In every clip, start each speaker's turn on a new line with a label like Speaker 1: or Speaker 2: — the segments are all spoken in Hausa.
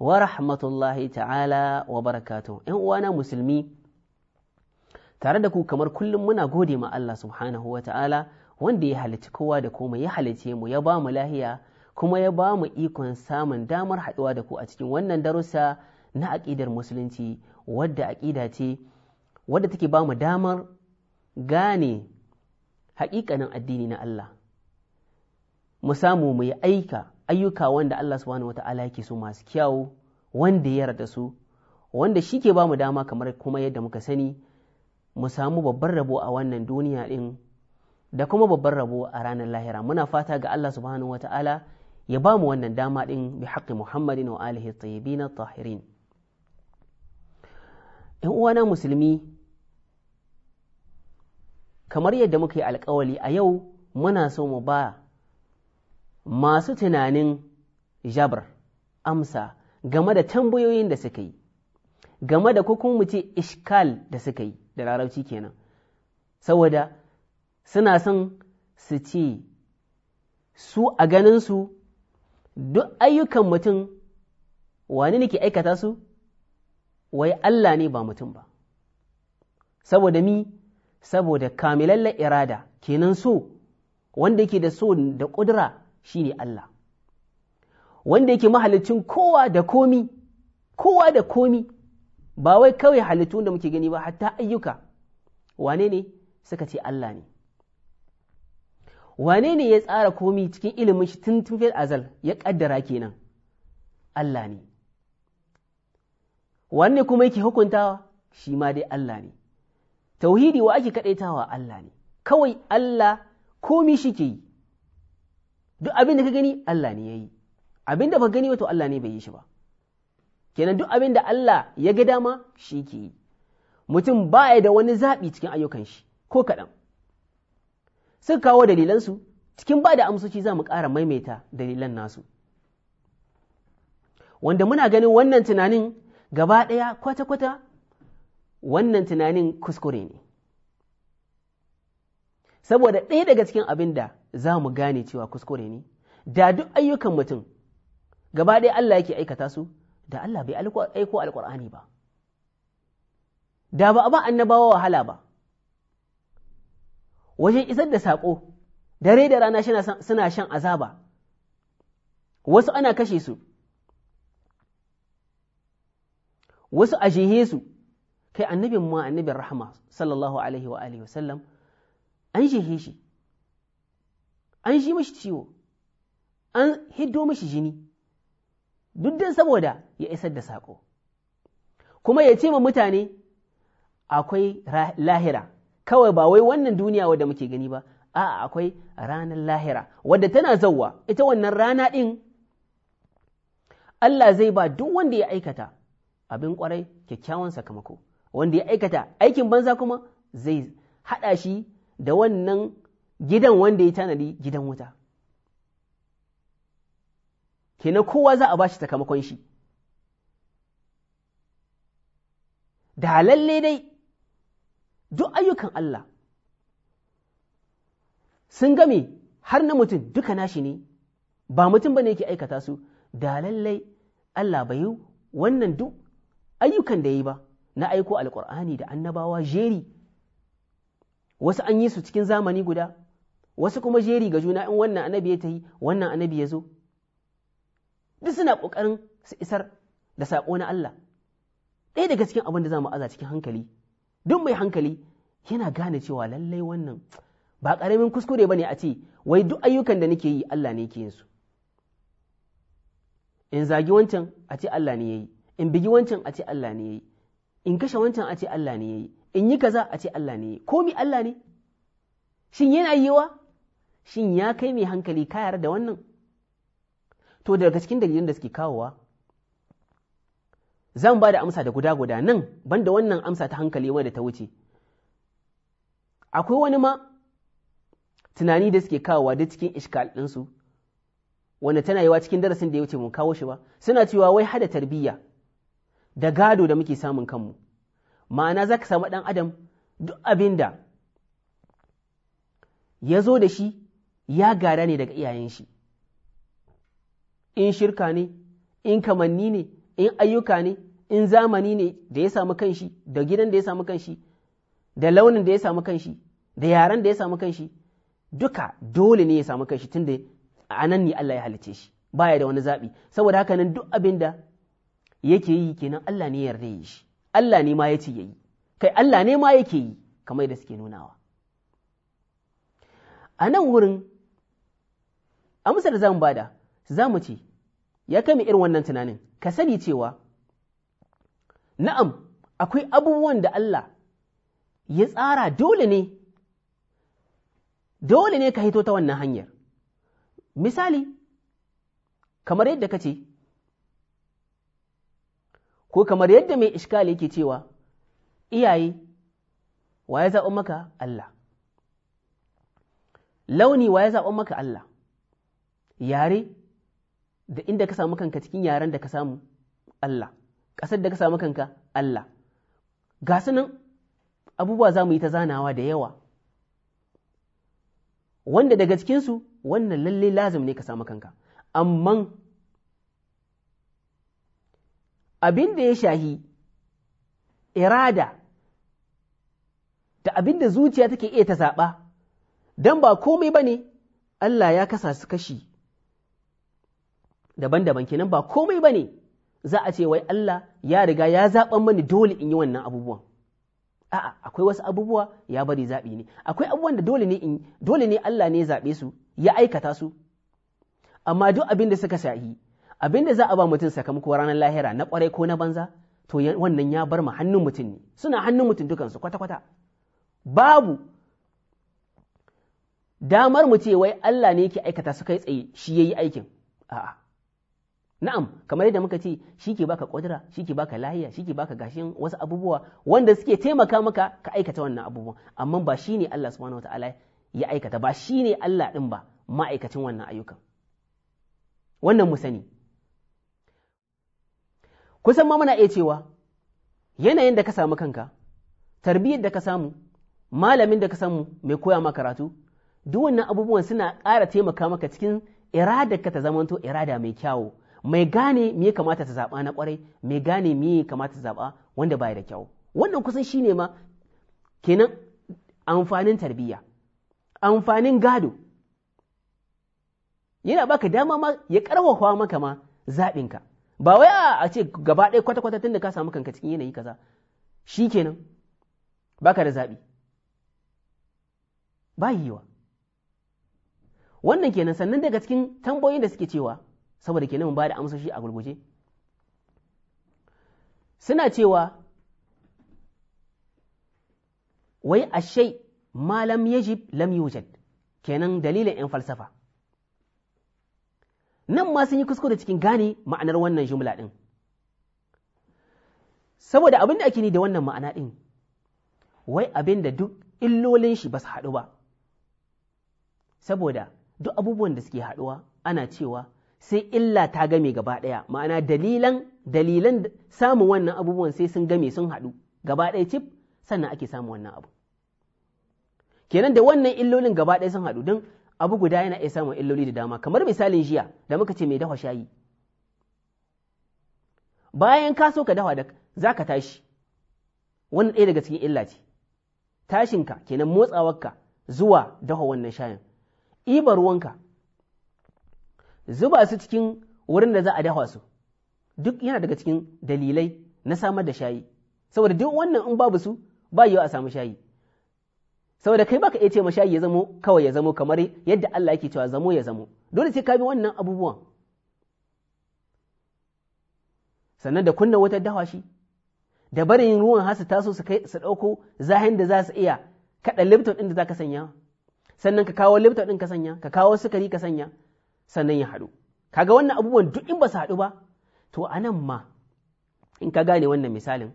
Speaker 1: wa rahmatullahi ta'ala wa barakatu ‘yan uwana musulmi tare da ku kamar kullum muna gode ma Allah subhanahu wa ta'ala wanda ya halitta kowa da komai ya halicce mu ya ba mu lahiya kuma ya ba mu ikon samun damar haɗuwa da ku a cikin wannan darussa na aƙidar musulunci wadda aƙida ce wadda take ba mu damar gane haƙiƙanin addini na Allah mu samu mu yi aika ayyuka wanda Allah subhanahu wata'ala yake so masu kyawu wanda ya yarda su wanda shi ke ba mu dama kamar kuma yadda muka sani mu samu babbar rabo a wannan duniya ɗin da kuma babbar rabo a ranar lahira muna fata ga Allah subhanahu wata'ala ya ba mu wannan dama ɗin bi haƙƙi muhammadin wa alihi tayyibin tahirin ‘yan uwana musulmi kamar yadda muka yi alƙawali a yau muna so mu ba masu tunanin jabar amsa game da tambayoyin da suka yi game da kukun mu ishkal da suka yi da larabci kenan saboda suna son su ce su a ganinsu duk ayyukan mutum wani ne ke aikata su wai Allah ne ba mutum ba saboda mi saboda kamilalla irada kenan so wanda yake da so da ƙudura Shi ne Allah wanda yake mahalicin kowa da komi kowa da komi ba wai kawai halittu da muke gani ba hatta ayyuka wane ne suka ce Allah ne wane ne ya tsara komi cikin ilimin shi tun tun azal ya kaddara kenan Allah ne wanne kuma yake hukuntawa shi ma dai Allah ne tauhidi wa ake kaɗaitawa? Allah ne kawai Allah komi shi ke yi duk abin da ka gani Allah ne ya yi abin da ba gani wato Allah ne bai yi shi ba kenan duk abin da Allah ya ga dama shi ke yi mutum ba ya da wani zaɓi cikin ayyukan shi ko kaɗan suka kawo dalilansu cikin ba da amsoci za mu ƙara maimaita dalilan nasu wanda muna ganin wannan tunanin gaba ɗaya kwata-kwata wannan tunanin kuskure ne saboda ɗaya daga cikin abin da za mu gane cewa kuskure ne da duk ayyukan mutum gaba ɗaya Allah yake aikata su da Allah bai aiko alƙur'ani ba da ba ba annabawa wahala ba wajen isar da saƙo dare da rana suna shan azaba wasu ana kashe su wasu a su kai annabin ma annabin rahama sallallahu alaihi wa an shehe shi an shi mashi ciwo an hiddo mashi jini duk dan saboda ya isar da saƙo kuma ya ce ma mutane akwai lahira kawai ba wai wannan duniya wadda muke gani ba a'a akwai ranar lahira wadda tana zauwa ita wannan rana ɗin Allah zai ba duk wanda ya aikata abin kwarai kyakkyawan sakamako wanda ya aikata aikin banza kuma zai haɗa shi da wannan gidan wanda ya tanadi gidan wuta kenan kowa za a bashi sakamakon shi da lalle dai duk ayyukan Allah sun game har na mutum duka nashi ne ba mutum ba ne yake aikata su da lallai Allah bai yi wannan duk ayyukan da ya yi ba na aiko alkur'ani da annabawa jeri wasu an yi su cikin zamani guda wasu kuma jeri ga juna in wannan anabi ya yi wannan anabi ya zo duk suna ƙoƙarin su isar da saƙo na Allah ɗaya daga cikin abin da za mu aza cikin hankali duk mai hankali yana gane cewa lallai wannan ba ƙaramin kuskure ba ne a ce wai duk ayyukan da nake yi Allah ne ke yin su in zagi wancan a ce Allah ne ya yi in bigi wancan a ce Allah ne ya yi in kashe wancan a ce Allah ne ya yi in yi kaza a ce Allah ne ya yi komi Allah ne shin yana yiwa shin ya kai mai hankali ka da wannan to daga cikin dalilin da suke kawowa zan ba da amsa da guda guda nan banda wannan amsa ta hankali wadda ta wuce akwai wani ma tunani da suke kawowa da cikin ishkal ɗinsu wanda tana yiwa cikin darasin da ya wuce mun kawo shi ba suna cewa wai hada tarbiyya da gado da muke samun kanmu ma'ana za ka samu ɗan adam duk abinda. ya zo da shi ya gara ne daga iyayen shi in shirka ne in kamanni ne in ayyuka ne in zamani ne da ya samu kanshi da gidan da ya samu kanshi da launin da ya samu kanshi da yaran da ya samu kanshi duka dole ne ya samu kanshi tunda a nan ne Allah ya halice shi baya da wani zaɓi saboda haka nan duk abin da yake yi kenan Allah ne yarda ya shi Allah ne ma ya ce ya yi kai Allah ne ma yake yi kamar da suke nunawa a nan wurin amsar da za mu bada za mu ce ya kai irin wannan tunanin ka sani cewa na'am akwai abubuwan da Allah ya tsara dole ne dole ne ka hito ta wannan hanyar misali kamar yadda ka ce ko kamar yadda mai iskali yake cewa iyaye wa ya zaɓa maka Allah launi wa ya zaɓa maka Allah yare da inda ka samu kanka cikin yaren da ka samu Allah ƙasar da ka samu kanka Allah ga nan abubuwa za mu yi ta zanawa da yawa wanda daga cikinsu wannan lalle lazim ne ka samu kanka amma abin da ya shahi irada da abin da zuciya take iya ta zaɓa don ba komai ba ne Allah ya kasa su kashi daban-daban kenan ba komai ba ne za a ce wai Allah ya riga ya zaɓan mani dole in yi wannan abubuwan a'a akwai wasu abubuwa ya bari zaɓi ne akwai abubuwan da dole ne in dole ne Allah ne zaɓe su ya aikata su amma duk abin da suka sahi abin da za a ba mutum sakamako ranar lahira na kwarai ko na banza to wannan ya bar ma hannun mutum ne suna hannun mutum dukansu kwata-kwata babu damar mu ce wai Allah ne yake aikata su kai tsaye shi ya yi aikin a'a na'am kamar yadda muka ce shi ke baka kudura shi ke baka lahiya shi ke baka gashin wasu abubuwa wanda suke taimaka maka ka aikata wannan abubuwan amma ba shi ne Allah subhanahu wataala ya aikata ba shi ne Allah ɗin ba ma'aikacin wannan ayyukan wannan mu sani kusan ma muna iya cewa yanayin da ka samu kanka tarbiyyar da ka samu malamin da ka samu mai koya ma karatu duk wannan abubuwan suna ƙara taimaka maka cikin iradar ka ta zamanto irada mai kyawu mai gane me ya kamata ta zaba na kwarai mai gane me ya kamata ta zaɓa wanda baya da kyau wannan kusan shine ma kenan amfanin tarbiyya amfanin gado yana baka dama ma ya karfafa maka ma zaɓinka ba wai a ce gaba ɗaya kwata-kwata tunda ka samu kanka cikin yanayi kaza shi kenan baka da zabi ba yiwa wannan kenan sannan daga cikin tambayoyin da suke cewa saboda ke mun bada da amsoshi a gurguje suna cewa wai ashe Malam lam yajib lam yujad kenan dalilin 'yan falsafa nan ma sun yi kuskure cikin gane ma'anar wannan jumla ɗin saboda abin da ake ni da wannan ma'ana ɗin wai abin da duk illolin shi ba su haɗu ba saboda duk abubuwan da suke haɗuwa ana cewa sai illa ta game gaba ɗaya ma'ana dalilan dalilan samun wannan abubuwan sai sun game sun haɗu gaba ɗaya cif sannan ake samun wannan abu kenan da wannan illolin gaba ɗaya sun haɗu don abu guda yana iya samun illoli da dama kamar misalin jiya da muka ce mai dafa shayi bayan ka so ka dafa da za ka tashi wannan ɗaya daga cikin illa ce tashinka kenan motsawarka zuwa dafa wannan shayin ibar ruwanka zuba su cikin wurin da za a dafa su duk yana daga cikin dalilai na samar da shayi saboda duk wannan in babu su ba yiwa a samu shayi saboda kai baka iya ce ma shayi ya zamo kawai ya zamo kamar yadda Allah yake cewa zamo ya zamo dole sai ka bi wannan abubuwan sannan da kunna wutar shi. da barin ruwan hasu taso su kai su ɗauko zahin da za su iya kada lipton din da zaka sanya sannan ka kawo lipton din ka sanya ka kawo sukari ka sanya sannan ya haɗu kaga wannan abubuwan duk in ba su haɗu ba to a nan ma in ka gane wannan misalin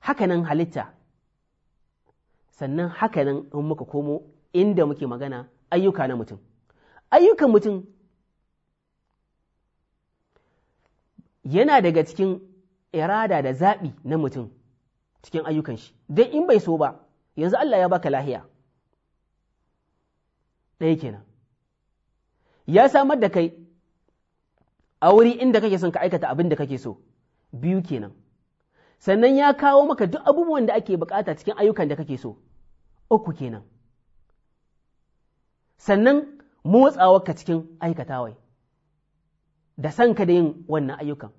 Speaker 1: hakanan halitta sannan hakanan in muka komo inda muke magana ayyuka na mutum ayyukan mutum yana daga cikin irada da zaɓi na mutum cikin ayyukan shi don in bai so ba yanzu Allah ya baka lahiya ɗaya kenan ya samar da kai a wuri inda kake son ka aikata abin da kake so biyu kenan sannan ya kawo maka duk abubuwan da ake bukata cikin ayyukan da kake so uku kenan sannan ka cikin aikatawai da san ka da yin wannan ayyukan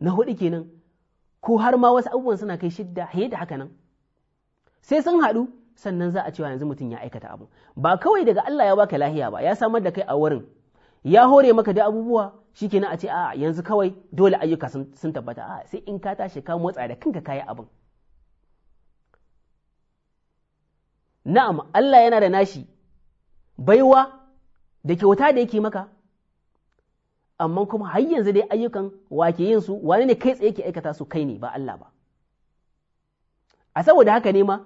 Speaker 1: na hudu kenan ko har ma wasu abubuwan suna kai shidda haye da haka nan sai sun haɗu sannan za a cewa yanzu mutum ya aikata abu ba kawai daga Allah ya baka lahiya ba ya samar da kai a wurin ya hore maka da abubuwa Shi shikenan a ce a yanzu kawai dole ayyuka sun tabbata a sai in ka tashi ka motsa da kanka kayi abin na'am Allah yana da nashi baiwa da kyauta da yake maka amma kuma har yanzu dai ayyukan wake yin su wani ne kai tsaye ke aikata su kai ne ba Allah ba a saboda haka ne ma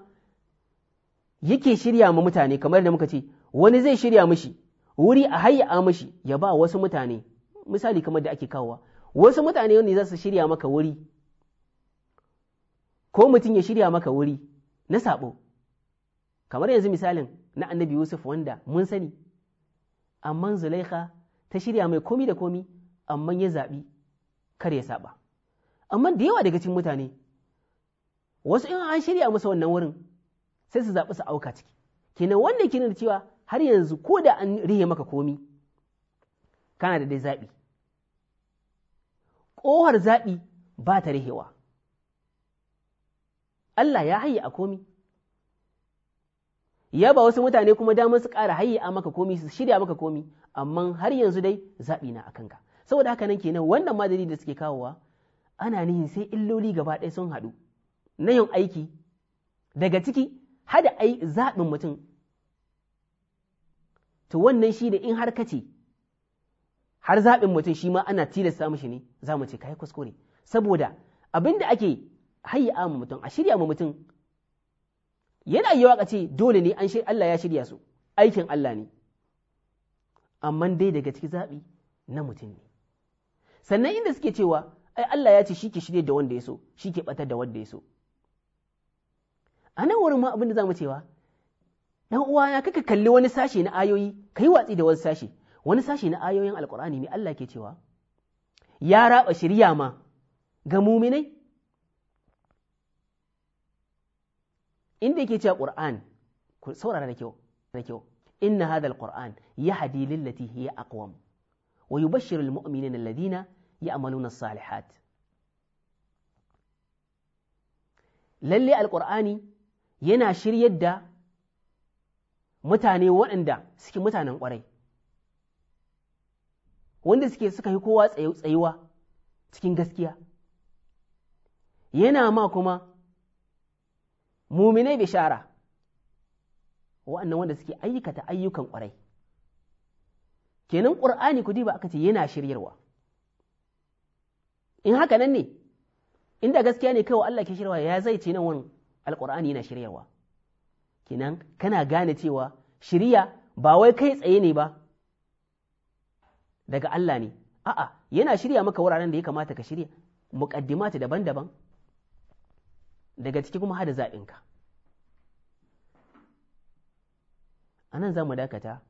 Speaker 1: yake shirya ma mutane kamar da muka ce wani zai shirya mishi wuri a hayya mishi ya ba wasu mutane misali kamar da ake kawowa wasu mutane wani za su shirya maka wuri ko mutum ya shirya maka wuri na sabo kamar yanzu misalin na annabi yusuf wanda mun sani amma zulaika ta shirya mai komi da komi amma ya zaɓi kar ya saba amma da yawa daga cikin mutane wasu in an shirya masa wannan wurin sai su zaɓi su auka ciki kenan wanda ke da cewa har yanzu ko da an rihe maka komi kana da dai zaɓi ƙohar zaɓi ba ta rihewa Allah ya hayi a komi ya ba wasu mutane kuma damar su ƙara hayi a maka komi su shirya maka komi amma har yanzu dai zaɓi na a ka saboda haka nan kenan wannan madadi da suke kawowa ana nihin sai illoli gaba ɗaya sun haɗu na yin aiki daga ciki hada ai zaɓin mutum to wannan shi da in har kace har zaɓin mutum shi ma ana tilasta mishi ne za mu ce kai kuskure saboda abin da ake hayya mu mutum a shirya mu mutum yana yawa ka ce dole ne an shi Allah ya shirya su aikin Allah ne amma dai daga ciki zaɓi na mutum ne sannan inda suke cewa ai Allah ya ce shi ke shirye da wanda ya so shi ke ɓatar da wanda ya so a nan wurin ma abin da za mu cewa Ɗan uwana kaka kalli wani sashi na ayoyi kai watsi da wani sashi wani sashi na ayoyin alkur'ani ne Allah ke cewa ya raba shirya ma ga muminai inda yake cewa qur'an ku saurara da kyau da kyau inna hadha alquran yahdi lillati hiya aqwam wa yubashshiru almu'minina alladhina ya'maluna as-salihat lalle alqur'ani yana shiryar da mutane waɗanda suke mutanen ƙwarai wanda suke suka yi kowa tsayuwa cikin gaskiya yana ma kuma muminai bishara waɗannan wanda suke ayyukata ayyukan ƙwarai kenan ƙur'ani ku ba aka ce yana shiryarwa in haka nan ne inda gaskiya ne kawai Allah ke shirwa ya zai ce nan wani alƙur'ani yana shiryawa kenan kana gane cewa shirya ba wai kai tsaye ne ba daga Allah ne a'a yana shirya maka wuraren da ya kamata ka shirya muqaddimati daban-daban daga ciki kuma hada zaɓinka a nan za mu dakata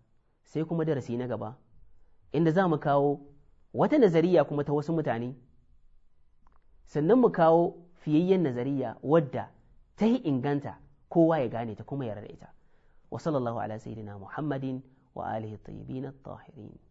Speaker 1: sai kuma darasi na gaba inda za mu kawo wata nazariya kuma ta wasu mutane sannan mu kawo fiyayyen nazariya wadda ta yi inganta kowa ya gane ta kuma yarda ita wa sallallahu ala sayyidina muhammadin wa alihi tayyibin at-tahirin